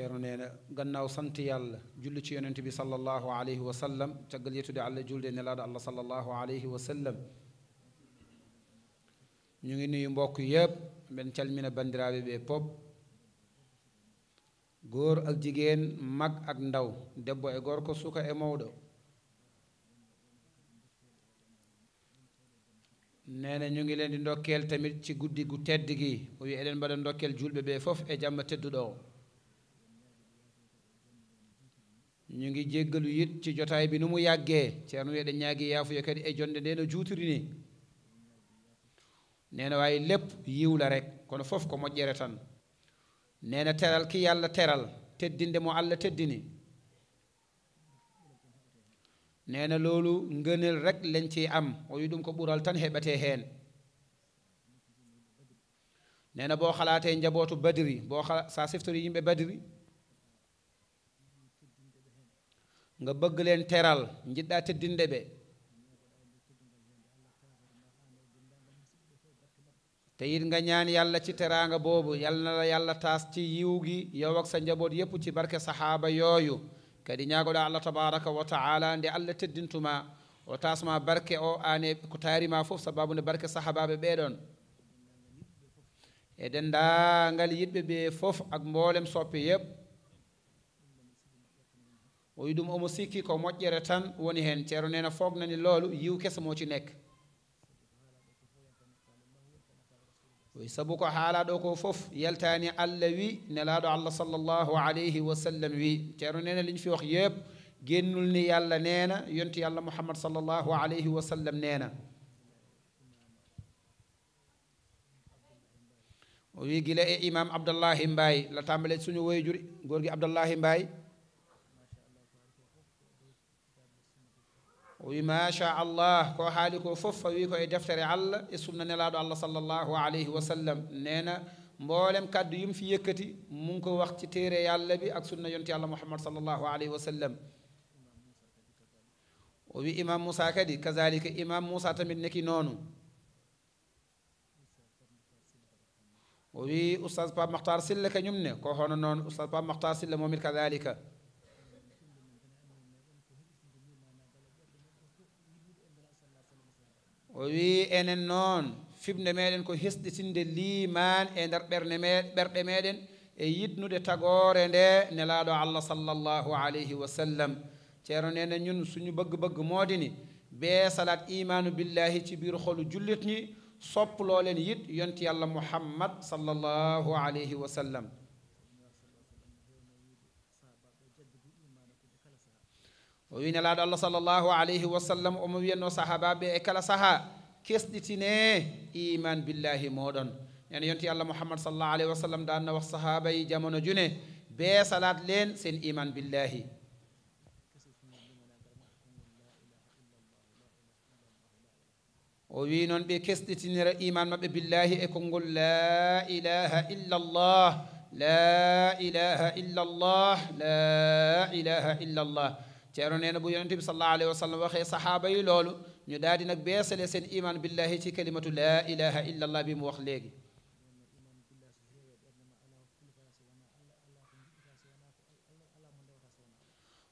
ceerno neena gannaaw sant yàlla julli ci yonente bi salallahu alayhi wa sallam caggal yettude allah julde e nelaada allah salallahu alayhi wa sallam ñu ngi nuyu mbokk yëpp mbeen calmina bandiraabe ɓe pop góor ak jigéen mag ak ndaw debbo e gorko suka e mawɗo neena ñu ngi leen di ndokkeel tamit ci guddi gu tedd gi o wi eɗen mbaɗa ndokkeel julɓe ɓe fof e jamma tedduɗo o ñu ngi jéggalu yit ci jotaay bi nu mu yàggee ceerno wi eɗen ñaagi yaafuya kadi e jonde nde no juutiri ni neena waaye lépp yiw la rek kono fof ko moƴƴere tan neena teral ki yàlla teral teddinde mo allah teddini neena loolu ngënal rek len ciy am wayu ɗum ko ɓural tan heɓatee heen neena boo xalaatee njabootu badiri boo xa saa siftori yimɓe badiri nga bëgg leen teral jiɗɗa teddinde ɓe te it nga ñaan yàlla ci teraanga boobu yal na la yàlla taas ci yiw gi yow ak sa njaboot yépp ci barke sahaba yooyu kadi ñaagoɗa allah tabaraka wa taala nde allah teddintuma o tasma barke o ane ko taarima fof sababu nde barke sahabaɓe ɓeɗon e dendagal yiɗɓe ɓe fof ak mboolem soppe yépp o wi ɗum omo sikki ko moƴƴere tan woni heen ceero neena fognani loolu yiw kesa moo ci nekk oyi sabu ko haala ɗo ko fof yaltani allah wi nelaɗo allah sallllahu alayhi wa sallam wi ceero neena liñ fi wax yépp génnul ni yàlla neena yonti yàlla muhammad sallllahu alayhi wa sallam neena o wi gila e imam abdallahi mbaye la tàmbale suñu woyjuri góor gi abdallahi mbaye o wi machallah ko haali ko fof fawi ko e deftere allah e sunna nelaɗo allah sallllahu alayhi wa sallam nena mboolem kaddu yum fi yëkkati mu ngi ko wax ci téere yàlla bi ak sunna yonti yàlla muhammad sallallahu alayhi wa sallam o wi imam moussa kadi kazalika imam moussa tamit neki noonu o wi oustad pape makhtar silla kañum ne ko hono noon oustad pape makhtar silla momit kazalika o wi enen noon fiɓde meɗen ko hesɗitinde liman e nder ɓerne me ɓerɗe meɗen e yidnude tagore nde nelaɗo allah sallllahu alayhi wa sallam ceerno nene ñun suñu bëgg bëgg moodini bee salat imanu billahi ci biir xolu jullit ñi sopp loo leen yit yonti yàlla muhammad sallallahu alayhi wa sallam وين لا الله صلى الله عليه وسلم أمي أن صحابة إكلا صحا كستين إيمان بالله مودن يعني ينتي الله محمد صلى الله عليه وسلم دان وصحابة جمعنا جنه بصلاة لين سن إيمان بالله وينون بكستين إيمان ما بالله إكون لا إله إلا الله لا إله إلا الله لا إله إلا الله تيرو نينا بو يونتبي صلى الله عليه وسلم وخي صحابه يي لولو ني دادي نك بيسالي سين ايمان بالله تي كلمه لا اله الا الله بيم وخ ليغي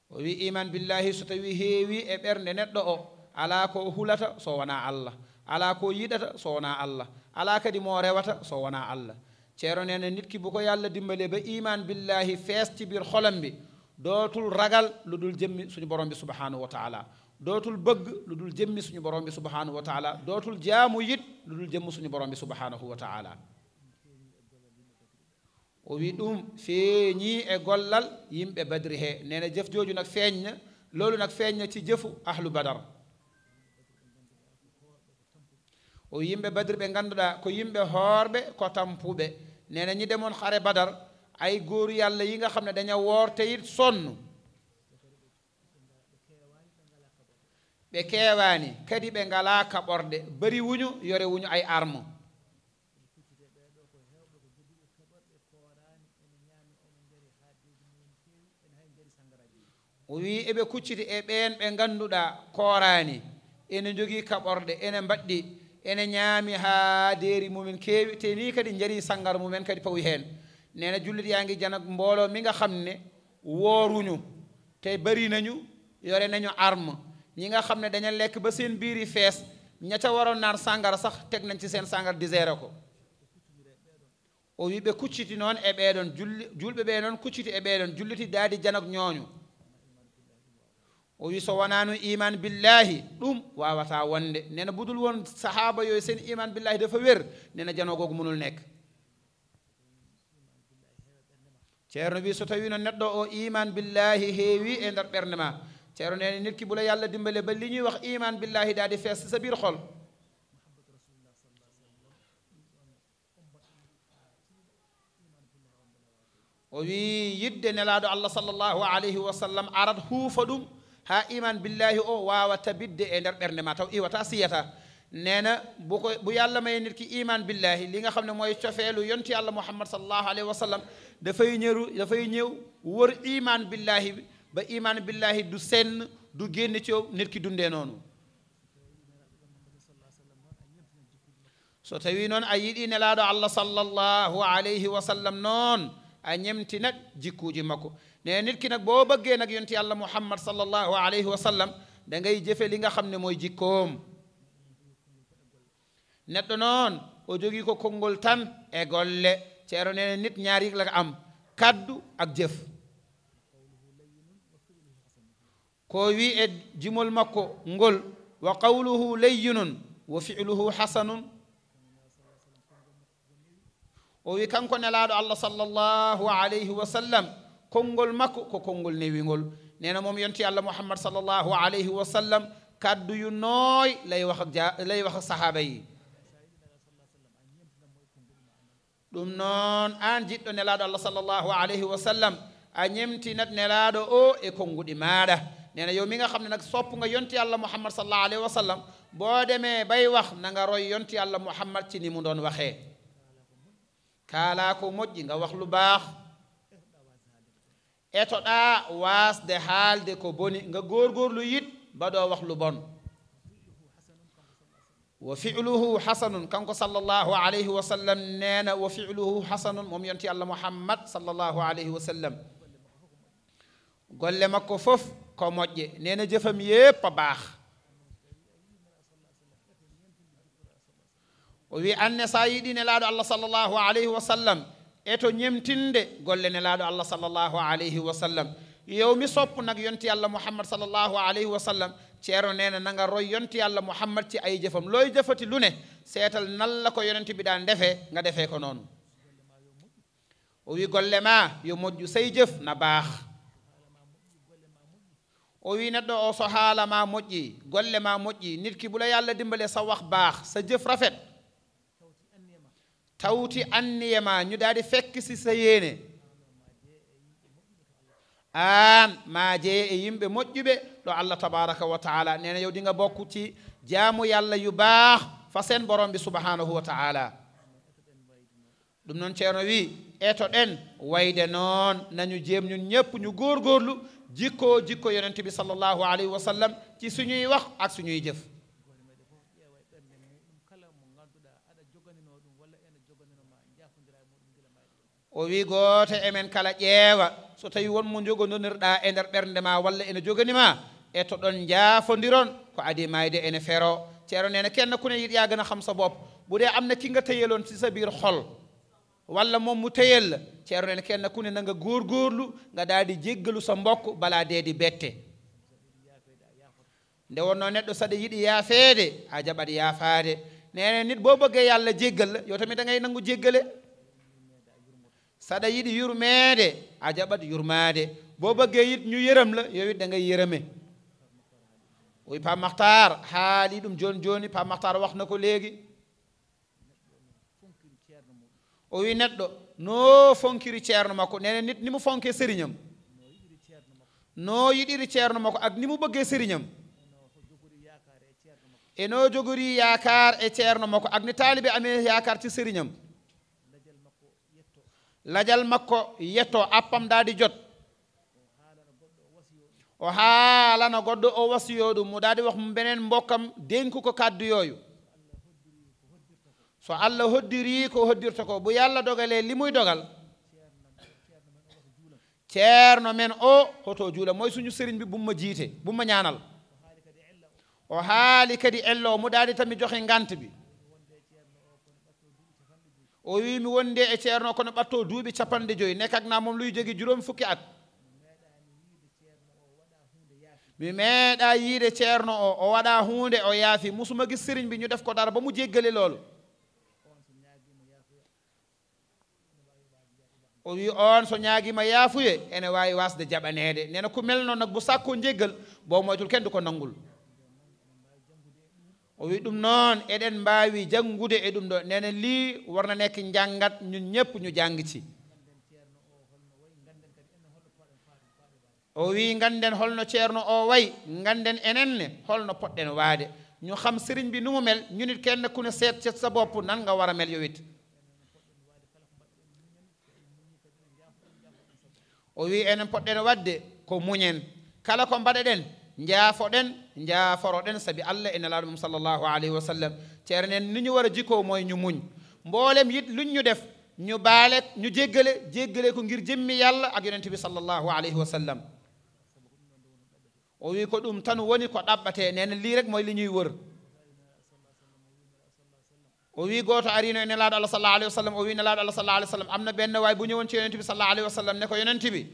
وي ايمان بالله ستوي هيوي اي برنه نيدو او على كو حولتا سو وانا الله على كو ييدتا سو وانا الله على كدي مو ريواتا سو وانا الله تيرو نينا نيت كي بوكو يالا ديمبالي با ايمان بالله فيست بير خولم بي dootul ragal lu dul jëmmi suñu borom bi subhanahu wa taala dootul bëgg lu dul jëmmi suñu borom bi subhanahu wa taala dootul jaamu it lu dul jëmm suñu borom bi subhanahu wa taala o wi ɗum feeñii e gollal yimɓe badri hee nee na jëf jooju nag feeñ na loolu nag feeñ na ci jëfu ahlu badar o yimɓe badri ɓe ngannduɗaa ko yimɓe hoorɓe ko tampuɓe nee na ñi demoon xare badar ay góoru yàlla yi nga xam ne dañoo woor te it sonn ɓe keewaani kadi ɓe ngalaa ka ɓorde bëri wuñu yore wuñu ay arme o wii eɓe kucciti e ɓeen ɓe ngannduɗaa kooraani ene jogii kaɓorɗe ene mbaɗɗi ene ñaami haa deeri mumen keewi te nii kadi njarii sanngar mumen kadi pawi heen neena jullit yaa ngi janag mbooloo mi nga xam ne wooruñu te bari nañu yore nañu arme ñi nga xam ne dañu lekk ba seen biir yi fees ña ca waroon naan sàngara sax teg nañ ci seen sàngar di zeere ko o wi ɓe kucciti noon e ɓeeɗon julli julɓe ɓee noon kucciti e ɓeeɗon julliti daadi janag ñooñu o wi so wonaano iman billahi ɗum waawataa wonde nena budul won sahaaba yooyu seen iman billahi dafa wér nena janoogoogu munul nekk ceerno wi so tawi no neɗɗo o iman billahi heewi e nder ɓernde ma ceerno nene nit ki bu la yàlla dimbale ba li ñuy wax iman billahi daal di fees sa biir xol o wi yidde nelaaɗo allah sallllahu alayhi wa sallam arat huufa ɗum haa iman billahi o waawa tabidde e nder ɓernde ma taw iwata siyata نانا بوكو بو يالا ماي نيت كي ايمان بالله ليغا خامني موي تيوفيلو يونت يالا محمد صلى الله عليه وسلم دا فاي نيرو دا فاي نيو وور ايمان بالله با ايمان بالله دو سن دو ген تيو نيت كي دوندي نونو سو تاوي نون ايدي نلادو الله صلى الله عليه وسلم نون انيمتي نك جيكوجي ماكو ني نيت كي نك بو بوغي نك يونت يالا محمد صلى الله عليه وسلم دا جيفي ليغا خامني موي جيكوم neɗɗo noon o jogii ko konngol tan e golle ceero nene nit ñaari la am kaddu ak jëf ko wii e jimol makko ngol wa qawluhu layyinun wa filuhu hasanun o wi kanko nelaaɗo allah sallallahu alayhi wa sallam konngol makko ko konngol newingol nena mom yonti allah muhammad sallallahu alayhi wa sallam kaddu yu nooy lay wax lay wax ak sahaaba yi ɗum noon aan jiɗɗo nelaaɗo allah sallllahu alayhi wa sallam a ñemtinat nelaaɗo o e konnguɗi maaɗa nena yo mi nga xam ne nag sopp nga yonti allah muhammad sallallahu alayhi wa sallam boo demee bay wax na nga roy yonti allah muhammad ci ni mu doon waxee kaalaa ko moƴƴi nga wax lu baax etoɗaa waasde haalde ko boni nga góorgóorlu yit ba doo wax lu bon وفعله حسن كان صلى الله عليه وسلم نانا وفعله حسن مم الله محمد صلى الله عليه وسلم غول مكو فوف كوموجي نانا جفم ييب باخ وفي أن سيدي نلاد الله صلى الله عليه وسلم إتو نيمتين دي قول نلاد الله صلى الله عليه وسلم يومي صبح نك الله محمد صلى الله عليه وسلم ceero nena naga roy yonti allah mouhammad ci ay jëfam looy jëfati lune seetal nalla ko yonenti bi daan defe nga defee ko noonu o wi gollema yo mojju say jëf na baax o wi neɗɗo o sohaalama moƴƴi gollema moƴƴi nit ki bula yallah dimbale sa wax baax sa jëf rafet tawti anniyema ñu daadi fekk si sa yéene aan ma jeye e yimɓe moƴƴuɓe to allah tabaraka wa taala nee yow di nga bokku ci jaamu yàlla yu baax fa seen borom bi subhanahu wa taala dum non ceerno wi eto den wayde non nañu jëm ñun ñépp ñu gor gorlu jikko yonent bi sallallahu alayhi wa sallam ci suñuy wax ak suñuy jëf o wi gooto emen kala ƴeewa so tawi wonmo jogondirɗa e nder ɓernde ma walla ene joganima e to ɗon jaafondiron ko adi mayde ene fero ceero nene kenne kune yiɗyagana kam so boob ɓuure am na kinga tayel on sisabir hol walla moom mu tayel ceero nene kenne kune nanga gorgorlu gaɗadi jeggalu so mbokk bala deedi bette nde wonno neɗɗo saɗa yiɗi yaafeede a jaɓat yaafaade nene nit bo bogge yo allah jeggal yo tamita ngay nangu jeggale saɗa yiɗi yurmeede a jaɓat yurmaade bo bogge yit ñu yeram la yo witɗa ngay yerame o wi pamakhtar haali ɗum joni joni pamakhtar waxna ko leegi o wi neɗɗo no fonkiri ceerno makko nene nit ni mo fonke sériñam no yiɗiri ceerno makko ak ni mo bëggee sériñam e no jogori yaakar e ceerno makko ak ni taalibe amee yaakar ci sériñam lajal makko yetto appam daadi jot o haalano goɗɗo o wasiyo ɗum mo daadi wakmo benen mbokkam denku ko kaddoyoyo so allah hoddiri ko hoddirta ko bo yallah dogal e limoy dogal ceerno men o hoto juula moy suñu serigne bi bumma jiite bumma ñaanal o haali kadi ello mu daadi tami joxe ngant bi o wimi wonde e ceerno kono ɓatto duuɓi capanɗe joyi nekkak na moom luy jogi juróom fukki at mi meeɗa yiide ceerno o o waɗa hunde o yaafi musumagi sérigne bi ñu def ko dara ba mu jeggale loolu o wi on so ñaaguima yaafuye ene wawi wasde jaɓanede nena ko mel noon nak bo sakko jeggal bo moytol kendu ko nangol o wi ɗum noon eɗen mbawi janggude e ɗum ɗo nena li worna nek jangat ñun ñepp ñu jangci o wii ngannden holno ceerno o wayi ngannden enen ne holno poɗɗen waade ñu xam sérigne bi numu mel ñunit kenn kune seet set sa bopp nan nga war a mel yowit o wii enen poɗɗen waɗde ko muñen kala ko mbaɗeɗen njaafoɗen njaaforoɗen sabi allah ina e laaɗo mum sallallahu alayhi wa sallam ceernen ni ñu war a jikoo mooy ñu muñ mboolem yit luñ ñu def ñu baale ñu jéggale jéggale ko ngir jëmmi yàlla ak yonente bi sallallahu alayhi wa sallam o wi ko ɗum tan woni ko ɗaɓɓate nene li rek moy liñuy wor o wi goto arino e nelaɗo allah sallah alah wa sallam o wi nelaɗo allah sallah alah sallam amna ɓenne wawi buñi won ce yonentiɓe sallah alah wa sallam ne ko yonentiɓe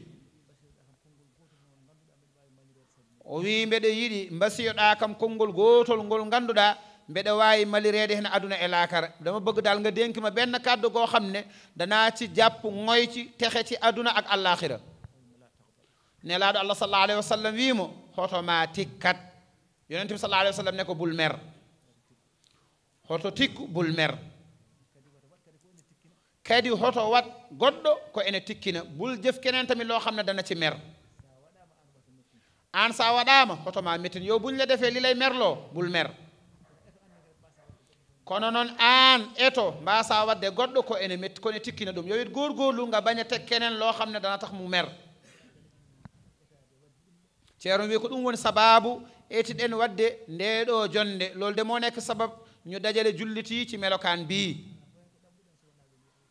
o wi mbeɗe yiɗi mbasiyoɗa kam konngol gotol ngol ganduɗa mbeɗe wawi malirede hen aduna e lakara dama bëgg dal nga denkima ɓenne kaddo go xam ne danaci japp ngoyci texe ci aduna ak allahira nelaɗo allah sallah alah wa sallam wimo automatic kat yonent bi sallallahu alayhi wa sallam ne ko bul mer hoto tikku bul mer kadi hoto wat goɗɗo ko ene tikkina bul jëf keneen tamit loo xam dana ci mer aan saa waɗaama hotoma metin yow buñ la defee li lay merloo bul mer kono noon aan eto mbaasaa wadde goɗɗo ko ene metti ko ne tikkina ɗum yow it góorgóorlu nga bañ a teg keneen loo dana tax mu mer ceerno wi ko ɗum woni sababu etiɗen wadde ndeɗo jonde lolde mo nek sabab ño dajale julliti ci melokan bi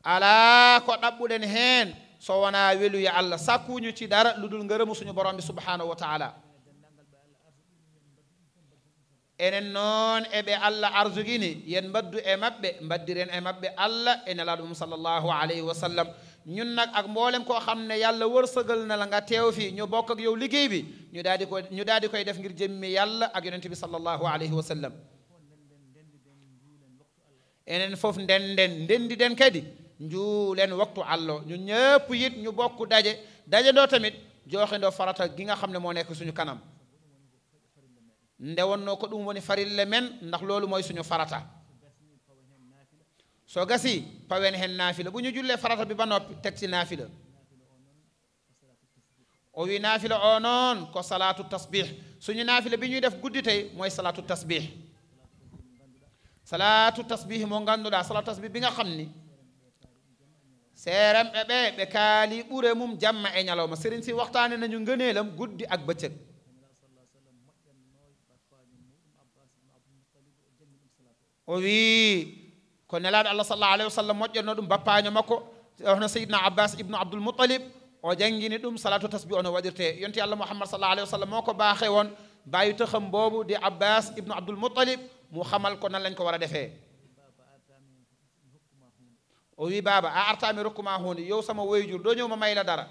ala ko ɗaɓɓuɗen hen so wona welu ya allah sakkuñu ci dara luɗul ngaremu suñu boromɓe subhanahu wa taala enen noon eɓe allah arsugini yen mbaddu e maɓɓe mbaddiren e maɓɓe allah e nelaɗo mum sallllahu alayhi wa sallam ñun nag ak mboolem koo xam ne yàlla wërsëgal na la nga teew fii ñu bokk ak yow liggéey bi ñu daal di ko ñu daal di koy def ngir jëmmi yàlla ak yonente bi sallallahu alayhi wa sallam enen fof ndenden ndendi den kadi njuulen waktu allah ñu ñëpp yit ñu bokk daje daje doo tamit jooxe ndoo farata gi nga xam ne moo nekk suñu kanam nde wonnoo ko ɗum woni farille men ndax loolu mooy suñu farata sogasi gasi pawen hen naafila bu ñu jullee farata bi ba noppi teg ci naafila o wi naafila o noon ko salaatu tasbih suñu naafila bi ñuy def guddi tey mooy tasbih salaatu tasbih moo ngannduɗaa salaatu tasbih bi nga xam seram seeremɓe ɓe ɓe kaali ɓure mum jamma e ñalawma sëriñ si waxtaane nañu ngëneelam guddi ak bëccëg o كون لا الله صلى الله عليه وسلم مجر ندم بابا نمكو هنا سيدنا عباس ابن عبد المطلب وجنجي ندم صلاة تسبيح ونوادرته ينتي الله محمد صلى الله عليه وسلم مكو باخيون باي تخم بوبو دي عباس ابن عبد المطلب مخمل كون لنك وردفه او وي بابا ارتامي ركما هون يو سما ويجور دونيو ما مايلا دارا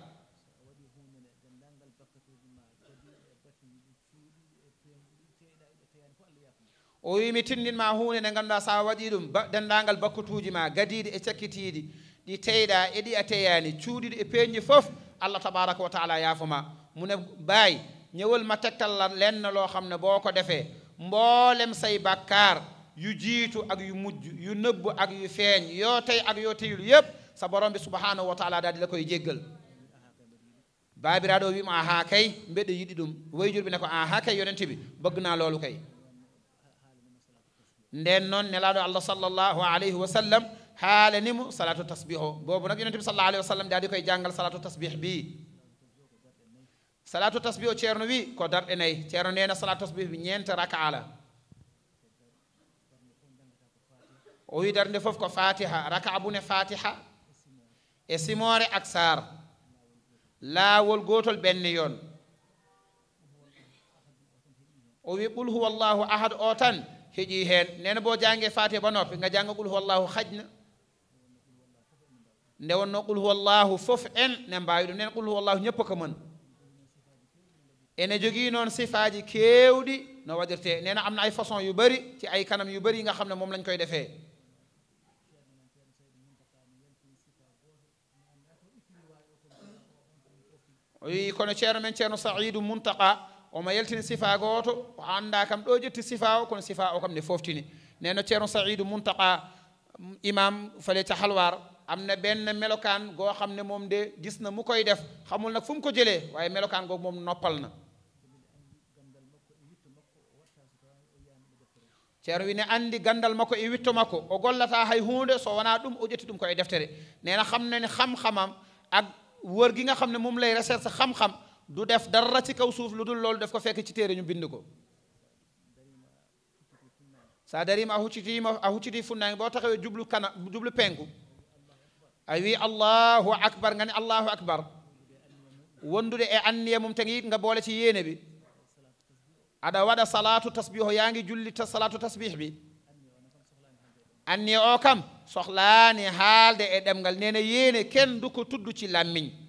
o wi mi tinndinma huunde nde ngannduɗa sa waɗi ɗum denndaangal bakkutuuji ma gadiiɗi e cakkitiiɗi ɗi teyɗa e ɗi a teyani cuuɗiɗi e peeñi fof allah tabaraka wa taala yaafuma mune baay ñewol ma tegtalla lenn loo xam ne boo ko defee mboolem say bàkkaar yu jiitu ak yu mujj yu nëbb ak yu feeñ yoo tey ak yoo teyul yépp sa borom bi subhanahu wa taala daal di la koy jéggal baabiraaɗo wiima aha kay mbeɗe yiɗi ɗum wayjur bi ne ko aha kay yonente bi bëgg naa loolu kay nden noon nelaaɗo allah sallllahu alayhi wa sallam haalanimo salatu tasbih o boobu nag yonente bi sallah alayhi wa sallam daa di koye jàngal salatu tasbih bii salatu tasbih o ceerno wi ko darɗe nayi ceerno neena salatu tasbih bi ñeente raka la o wi darnde fof ko fatiha raka bune fatiha e simore ak sar laawol gootol ɓenne yon o wi qul huwa allahu ahad o tan hiji hen nee bo jange fatih faate ba noppi nga jange qul huwallahu khajna ne nde wonno qul huwallahu fof en ne mbaawi ɗum neen qul huwallahu ñëpp ko man ene jogi non sifaji kewdi no waɗirtee nee amna ay façon yu bari ci ay kanam yu bari nga xamne mom lañ koy defé defee kono ceerno men ceerno saidu muntaqa omo yaltini sifa gooto o annda kam ɗo ƴetti sifa o kono sifa o kam ne foftini neno ceerno saidou mountaqa imam fale ca halwar am na benn melokaan goo xam ne moom de gis na mu koy def xamul nag fu mu ko jëlee waaye melokaan googu moom noppal na ceero wi ne anndi ganndal makko e witto makko o gollata hay huunde so wonaa ɗum o ƴetti ɗum koye deftere nee na xam na ne xam-xamam ak wër gi nga xam ne moom lay recherche xam-xam du def dara ci kaw suuf lu dul loolu def ko fekk ci téere ñu bind ko sa darim ahu ci a huccitiima a hucciti funnaange bo taxawé djublu kana djublu penku ay wi allahu akbar ngani allahu akbar wondude e anniya mum tagi nga bolé ci yene bi ada wada salatu tasbiho yaa ngi julli salatu tasbih bi anniya o kam sohlaani haalde e demgal neena yene ken du ko tuddu ci làmmiñ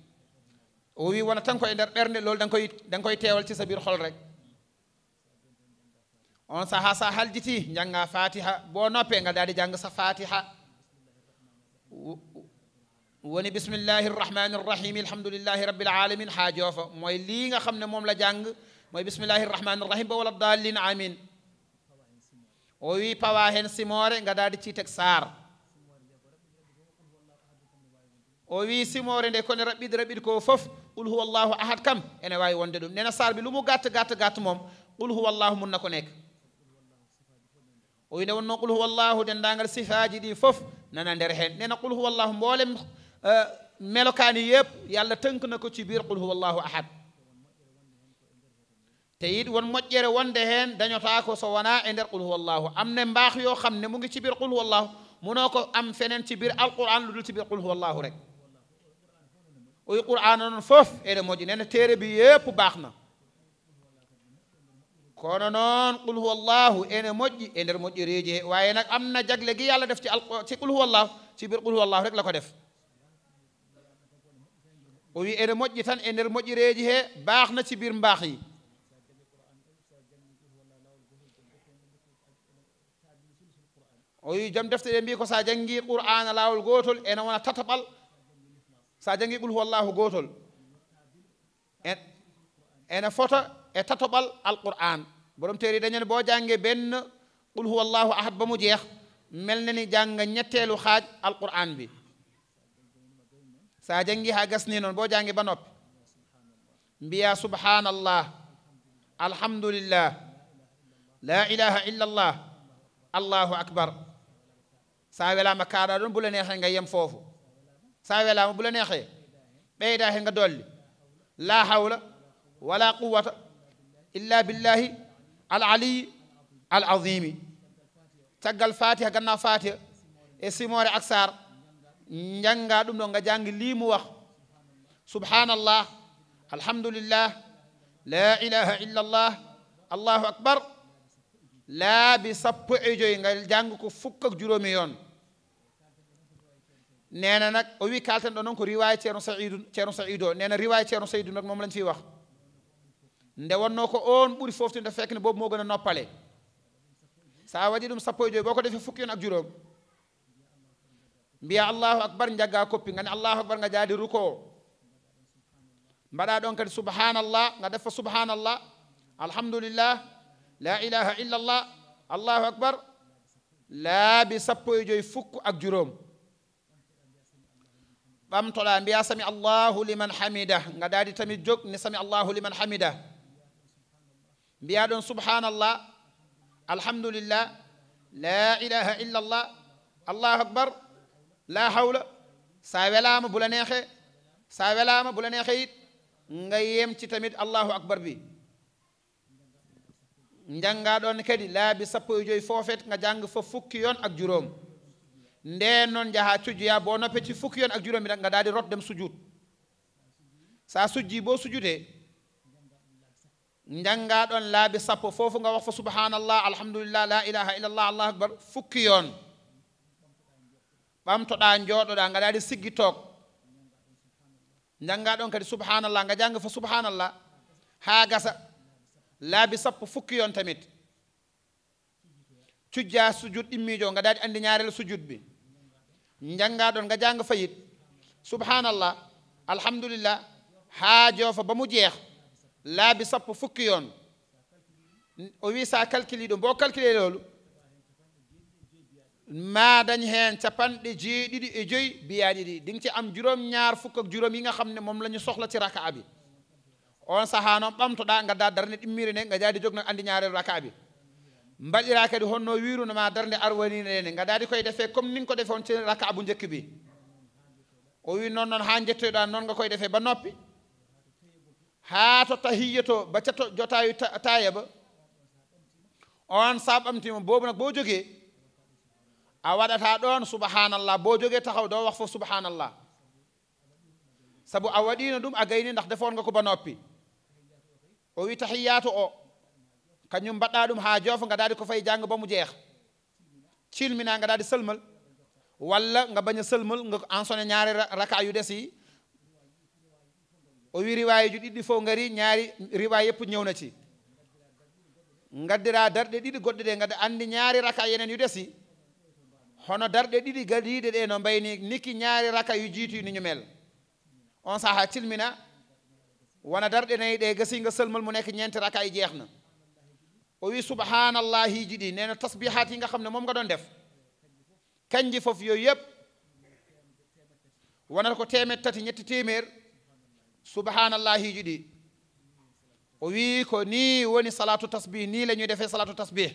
o wi wona tan ko e nder ɓernde loolu dan koy dan koy teewal ci sa biir xol rek on sahaa sa haljiti jannga fatiha boo noppee nga daal di jàng sa fatiha woni bismillahi rrahmani rrahim alhamdulillahi rabbil alamin haajoo fa mooy lii nga xam ne moom la jàng mooy bismillahi rrahmani rrahim ba wala dallin amin o wi pawa heen simoore nga daal di ciy teg saar o wi simore nde kone raɓɓide raɓɓide ko fof qul huwa llahu ahad kam ene wawi wonde ɗum nena sarbi lumo gatta gatta gatta moom qul huwa llahu munna ko neka o wine wonnoon qul huwa llahu dendagal sifaji ɗi fof nana nder hen nena qul huwa llahu mboolem melokani yeb yallah tankna ko ci bir qul huwa llahu ahad te yit won moƴƴere wonde heen dañotaa ko so wonaa e ndeer qul huwallahu am ne mbaax yoo xam ne mu ngi ci biir qul huwallahu munoo ko am feneen ci biir alquran lu dul ci biir qul huwallahu rek oyi qur'ana noon fof ene moƴƴi nene téere bi yépp baax na kono noon qul huwa allahu ene moƴƴi e nder moƴƴereeji he waaye nag am na jagle gi yàlla def ci al ci qul huwa allahu ci biir qul huwa allahu rek la ko def o wi ene moƴƴi tan e nder moƴƴereeji he baax na ci biir mbaax yi o wi jom defte ɗe mbi ko so a jangi qur'ana laawol gootol ene wona tataɓal so jangi qul huwallahu gootol ene fota e tatoɓal alqur'an borom teeri dañani boo jàngee benn qul huwallahu ahad ba mu jeex mel na ni jàng ñetteelu xaaj alqur'an bi saa jangi haa gas nii noonu boo jàngee ba noppi mbiya subhanallah alhamdulillah la ilaha illa allah allahu akbar saa welaama kaaɗaa ɗon bu la neexee nga yem foofu ساوي لا بلا نخي بيدا هنغا دولي لا حول ولا قوة إلا بالله العلي العظيم تقل فاتحة قلنا فاتحة اسمور إيه أكسار نجنغا دملو نجا جانغ ليمو وخ سبحان الله الحمد لله لا إله إلا الله الله أكبر لا بسبع جوين جانغ كفكك جرومي يون nee na nag o wi kalten ɗo noon ko riwaye ceerno saidou ceerno saidou o nee na riwaye ceerno saidou nag moom lañ fiy wax nde wonno ko on ɓuri foftinde fekk ne boobu moo gën a noppale sa waɗi ɗum sappo e joyi boo ko defee fukki on ak juróom mbiya allahu akbar jagga koppi ngani allahu akbar nga jaadi ruko o mbaɗa ɗon kadi subhanallah nga defa subhanallah alhamdulillah la ilaha illallah allahu akbar laabi sappo e joyi fukku ak juróom بام طلا أنبيا سمي الله لمن حمده غداري تمي جوك نسمي الله لمن حمده أنبيا سبحان الله الحمد لله لا إله إلا الله الله أكبر لا حول سايلام بولانيخ سايلام بولانيخيت نغيم تي تميت الله اكبر بي نجانغا دون كدي لا بي سابو جوي فوفيت نجانغ فوفوك يون اك جوروم ndeen noon njahaa cojjoyaa boo noppeci fukki yoon ak juróomi ra ngadaa di rot dem sujuud so a sujjii boo sujudee njanngaa ɗoon laabi sappo foofu nga wax fa subhanallah alhamdulillah la ilaha illallah allahu akbar fukki yoon ɓamtoɗaa njooɗoɗaa ngaɗaa di siggi toog njanngaa ɗoon kadi subhanallah nga jannga fa subhanallah haa gasa laabi sappo fukki yoon tamit cujjaa sujud immiijoo ngaɗaa di anndi ñaarel sujud bi don nga jang fayit subhanallah alhamdulillah ha jofa bamu jeex la bi sap fukki yon o wi sa calculer do bo calculer lolou ma dañ di ji di di joyi bi ya di ding ci am jurom ñaar fuk ak jurom yi nga xamne mom lañu soxla ci raka abi on sahano pam da nga dar darne dimire ne nga jadi jog nak andi ñaareelu raka abi mbaɗira kadi honno wirunoma darde arwaninene gadadi koye defe comme nin ko defe on cen raka abou jekki ɓi o wi noon noon ha jettoyɗa noonga koye defe ba noppi ha to tahiyyoto baccato jotawi tayaba on sa ɓamtima boobu nak bo jogue a waɗata ɗon subhanallah bo jogue taxaw ɗo wax fo subhanallah saabu a waɗino ɗum a gayni ndax defongako ba noppi o wi tahiyyatu o kañum mbaɗɗa ɗum ha joof gadadi ko fayi jangga bamu jeex cilmina gadadi selmal walla nga baña selmal nga en sone ñaari raka yu desi o wi riwaye ju ɗiɗɗi fo ngari ñaari riwaye yeppu ñewna ci gaddira darɗe ɗiɗi goɗɗe ɗe gadda andi ñaari raka yenen yu desi hono darɗe ɗiɗi gadiɗe ɗe no mbayni nikki ñaari raka yu jiitu ni ñumel on saaha cilmina wona darɗe nayyi ɗe gasi nga selmal mu nekk ñenti raka e jeexna o wi subhanallahi ji ɗi nee na tasbihaat yi nga xam ne moom nga doon def kanji foofu yooyu yëpp wanal ko téeméer tati ñetti téeméer subhanallahi ji ɗi o wi ko ni woni salatu tasbih ni la ñuy defee salatu tasbih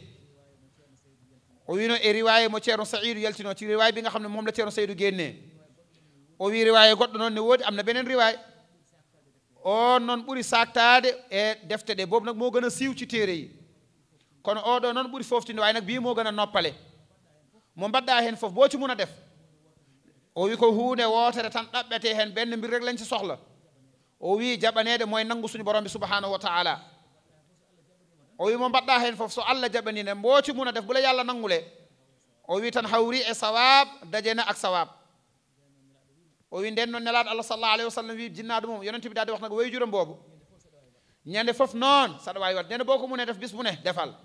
o wino e riwaye mo ceerno saidou yaltino ci riwaye bi nga xam ne moom la ceerno saydou génnee o wi riwaye goɗɗo noon ne woodi am na beneen riwaye on noon ɓuri saktade e defte ɗe boobu nag moo gën a siiw ci téere yi kono oɗo noon ɓuri foftinde way nag bimo gën a noppale mo mbaɗɗa hen foof bo ci mun def o wi ko hunde wotere tan ɗaɓɓete hen benn mbir rek lañ ci soxla o wi jaɓanede mooy nangu suñu borom bi subhanahu wa taala o wi mo mbaɗɗa hen foof so allah jaɓanine mbooci ci a def bu la yàlla nangule o wi tan hawri e sawab dajena ak sawab o wi nden noon nelaɗo allah sallallahu alayhi wa sallam wi jinnaɗo mum yonente bi daal wax nag wayjuram boobu ñande foof noon saɗa wawi wat nene boko ko mune def bis bu ne defal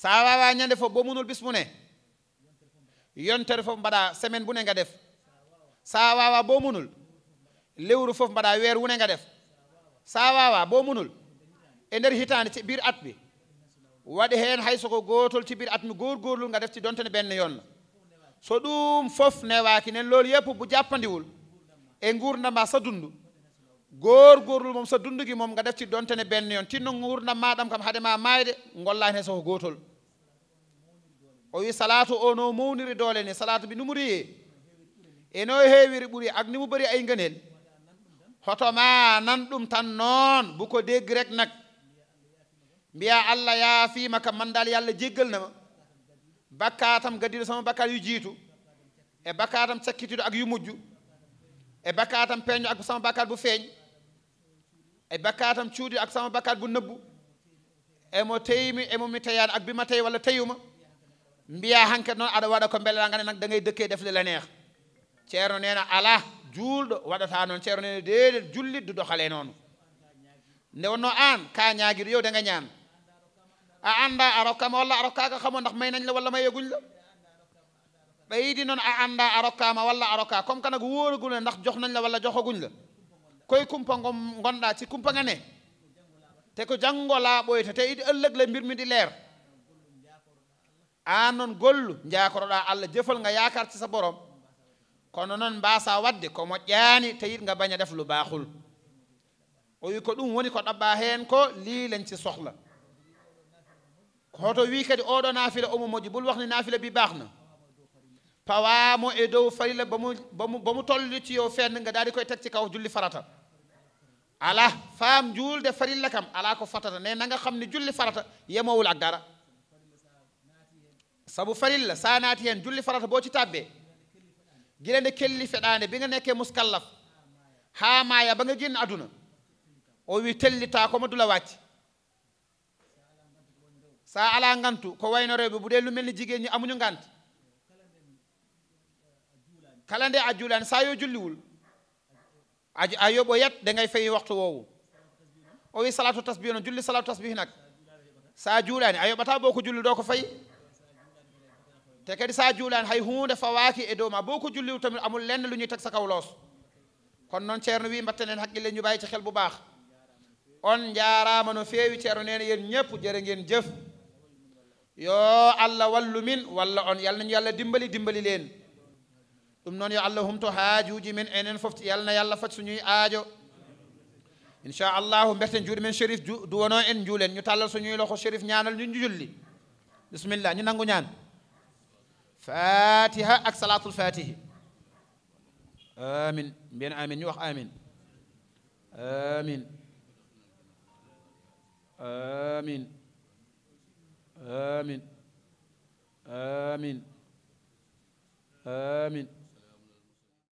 so a wawa ñande fof bo munol bis mune yontere fof mbaɗa semaine bune nga def so a wawa bo munol lewru fof mbaɗa weer wune nga def so a wawa bo munol e nder hitande ci biir at ɓe waɗi heen haysoko gotol ci biir at mi goor gorlul nga def ci dontene benne yonna so ɗum fof newaki nen lool yépp bu jappandiwul e gurdama sa dundu goor gorlul moom sa dundugi moom nga def ci dontene benne yon tinno gurdam maɗam kam haade ma mayde gollani hen soko gotol o wi salatu o no mawniri doole ne salatu bi numuri ye eno heewiri ɓuri ak ni mu bari ay ngenel hotoma nan ɗum tan noon buko de grek nak mbiya allah yaafima kam mandal yalla jeggal nama bakkatam gaddiɗo sama bakkat yu jiitu e bakkatam cakkitiɗo ak yu mujju e bakkatam peño ak sama bakkat bu feeñ e bakkatam cuudi ak sama bakkat bu nëbbu emo teyimi emo mi teyaani ak bima tey walla teyuma mbiya hanke noon aɗa waɗa ko mbelela ngane nag da ngay dëkke e def le la neex ceerno neena ala juulɗo waɗata noon ceerno neena déedet jullit du doxale noonu nde wonno aan ka ñaagir yow danga ñaan a anda a rokkama walla a rokkaka xamo ndax may nañ la walla may yaguñ la ɓaydi noon a anda a rokkama walla a rokka comme kanag wóorugule ndax jox nañ la walla joxaguñ la koy kumpa ngo ngonɗa ci kumpa nga ne te ko jango laaɓoyta te it ëllëg la mbir mi di leer aan noon gollu jaakoroɗa allah jëfal nga yaakarti sa borom kono noon mbasa wadde ko moƴƴani tayit nga baña def lu baaxul o wi ko ɗum woni ko ɗaɓɓa heen ko liilen ci sohla hoto wi kadi oɗo naafila omo moƴƴi ɓol waxni naafila bi baaxna pawaamo e dow farila bamu bamu bamu tolliti yo fenn nga daadi koye tegci kaw julli farata ala faam juulde farilla kam ala ko fatata ne nanga xam ni julli farata yemowul a gara sabu farilla sa naati heen julli farata bo citabbe gila nde kelli feɗaande bi nga nekke muskallaf haa maaya ba nga genn aduna o wi tellita ko ma dula wacci sa ala ngantu ko wayno rewɓe bu dee lu mel ni jigéen ñi amuñu ngant kala nde a juulaani sa yo julliwul a yoɓo yet de ngay fay waxtu woowu o wi salatu tasbi noon julli salatu tasbihi nag sa juulaani a yoɓata boo ko julli do ko fayi te kadi هاي juulani hay hunde fawaki e dow ma boo ko julliw tamit amul lenn lu ñuy teg sa kaw loos kon noon on jaarama no feewi ceerno nee na ñëpp jërë ngeen jëf yo allah wallu min walla on yal nañu yàlla dimbali dimbali leen ɗum noon yo allah humto haajuuji men enen fof yal na yàlla faj suñuy aajo inchallahu mbeten juuɗe men shérif duwono en juulen ñu tàllal suñuy loxo shérif ñaanal ñu julli bisimillah ñu nangu ñaan فاتحة أك صلاة الفاتحة آمين بين آمين يوح آمين آمين آمين آمين آمين آمين, آمين.